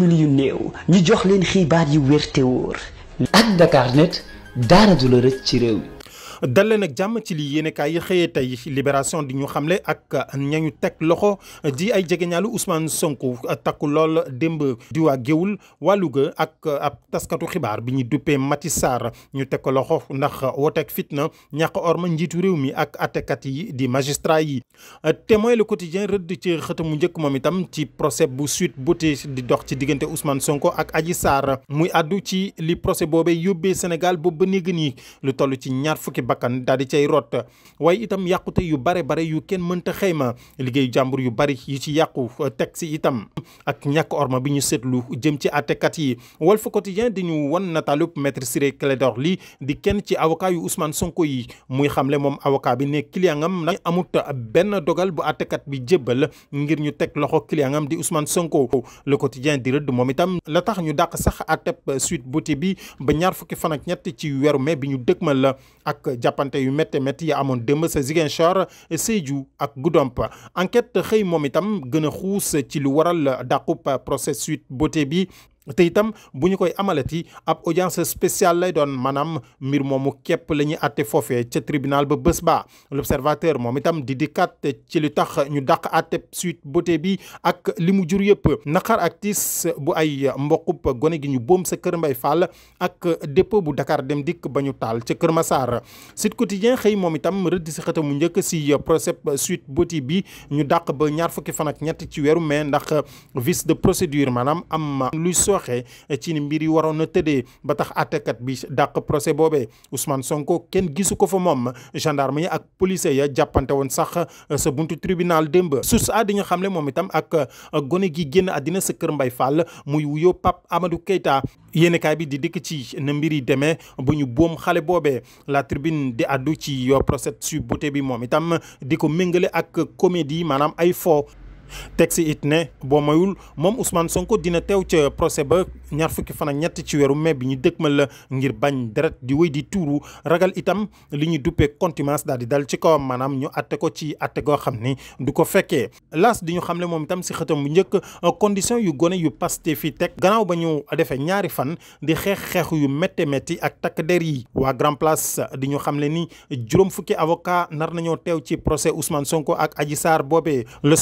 mil yu néew ñu jox leen xibaar yu wér te wóor. ak Dakarnet dara ci réew mi. dal leen ak jàmm ci lii yéenekaay yi xëyee tey libération di ñu xamle ak ñañu teg loxo di ay jege jegeñaalu Ousmane Sonko takku lool démb di waa Géwul waa Louga ak ab taskatu xibaar bi ñu duppee Mati Sarr ñu teg ko loxo ndax woteeg fitna ñàq orma njiitu réew mi ak atekat yi di magistrat yi. témoin le quotidien rëdd ci xëtam mu njëkk moom itam ci procès bu suite beauté di dox ci diggante Ousmane Sonko ak Adji saara muy àddu ci li procès boobee yóbbee Sénégal boobu ba ci ñaar bakkan daal di cay rot waaye itam yàqute yu bare bare yu kenn mënta xayma liggéeyu jàmbur yu bari yu ci yàqu teg si itam ak ñàkk orma bi ñu lu jëm ci àttekat yi Walf Quotidien di ñu wan nataalub maître Ciré Clédor Ly di kenn ci avocat yu usmaan Sonko yi muy xamle moom avocat bi ne client am nag amut benn dogal bu àttekat bi jébbal ngir ñu teg loxo client di Ousmane Sonko Le Quotidien di rëdd moom itam la tax ñu dàq sax àtteb Sweet Beauté bi ba ñaar fukki fan ak ñett ci weeru mai bi ñu dëgmal la ak jàppante yu métte métti yi amoon démb sa Ziguinchor Sédhiou ak Goudomp enquête xëy moom itam gën a xuus ci lu waral dàqub procès Sweet Beauté bi te itam bu ñu koy amalati ab audience spéciale lay doon maanaam mbir moomu képp la ñuy àtte foofee ca tribunal ba bés ba l'observateur moom itam di dikkat ci li tax ñu dàq àtte suite bote bi ak li mu jur yëpp naqar ak tiis bu ay mboqub gone gi ñu boom sa kër Mbay Fall ak dépôt bu Dakar dem dikk ba ñu taal ca Kër Massar Sud Quotidien xëy moom itam rëdd si xëta mu njëkk si procès suite bote bi ñu dàq ba ñaar fukki fan ak ñett ci weeru mais ndax vice de waxee ci ni mbir yi waroon na tëddee ba tax àttekat bi dàq procès boobee Ousmane Sonko kenn gisu ko fa moom gendarme yi ak police ya jàppante woon sax sa buntu tribunal démb sus a di nga xam ne moom itam ak gone gi génn àddina sa kër Mbay Fall muy wuyoo Pape Amadou Keita yéenekaay bi di dikk ci na mbir yi demee bu ñu boom xale boobee la tribune di addu ci yo procès su beauté bi moom itam di ko méngale ak comédie maanaam ay foo teg si it ne boo mayul moom Ousmane Sonko dina teew ca procès ba ñaar fukki fan ak ñett ci weeru mai bi ñu ma la ngir bañ deret di wéy di tuuru ragal itam li ñu duppee contumace daal di dal ci kawam maanaam ñu atte ko ci ate goo xam ni du ko fekkee laas di ñu xamle moom itam si xëtam bu njëkk condition yu gone yu Pastef fi teg gannaaw ba ñu defee ñaari fan di xeex xeexu yu métte métti ak takk der yi waa Grand Place di ñu xamle ni juróom fukki avocat nar nañoo teew ci procès Ousmane Sonko ak Adji Sarr boobee Le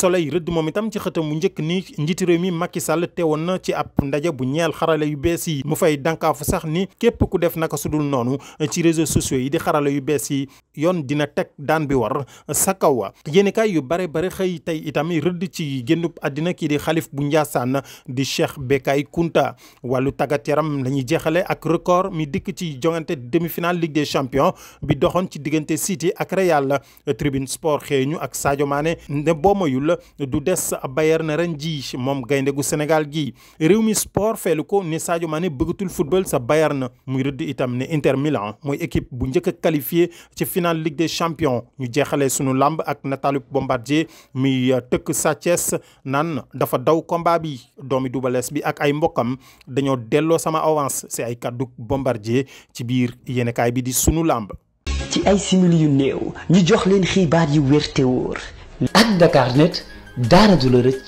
moom itam ci xëtam mu njëkk ni njiitu réew mi Macky Sall teewoon na ci ab ndaje bu ñeel xarala yu bees yi mu fay dànkaafu sax ni képp ku def naka sudul noonu ci réseaux sociaux yi di xarala yu bees yi yoon dina teg daan bi war sa kaw wa yéenekaay yu bare bare xëy tey itam rëdd ci génnub àddina kii di xalif bu Njaasaan di Cheikh Bekay Kunta walu taggat yaram la jeexale ak record mi dikk ci jongante demi-finale Ligue des champions bi doxoon ci diggante City ak Real Tribune ak Sadio Mané des Bayern ren jii moom gaynde gu senegal gii réew mi sport feelu ko ni Sadio Mané bëggatul football sa Bayern muy rëdd itam ne Inter Milan mooy équipe bu njëkk a ci finale Ligue des champions ñu jeexale sunu làmb ak nataalu Bombardier muy euh, tëkk Sathiès naan dafa daw combat bi doomi du dubalees bi ak ay mbokkam dañoo delloo sama avance si ay kaddu Bombardier ci biir yéenekaay bi di sunu lamb. ci ay simili yu néew ñu jox leen xibaar yu wér te wóor. ak Dakarnet. daara du la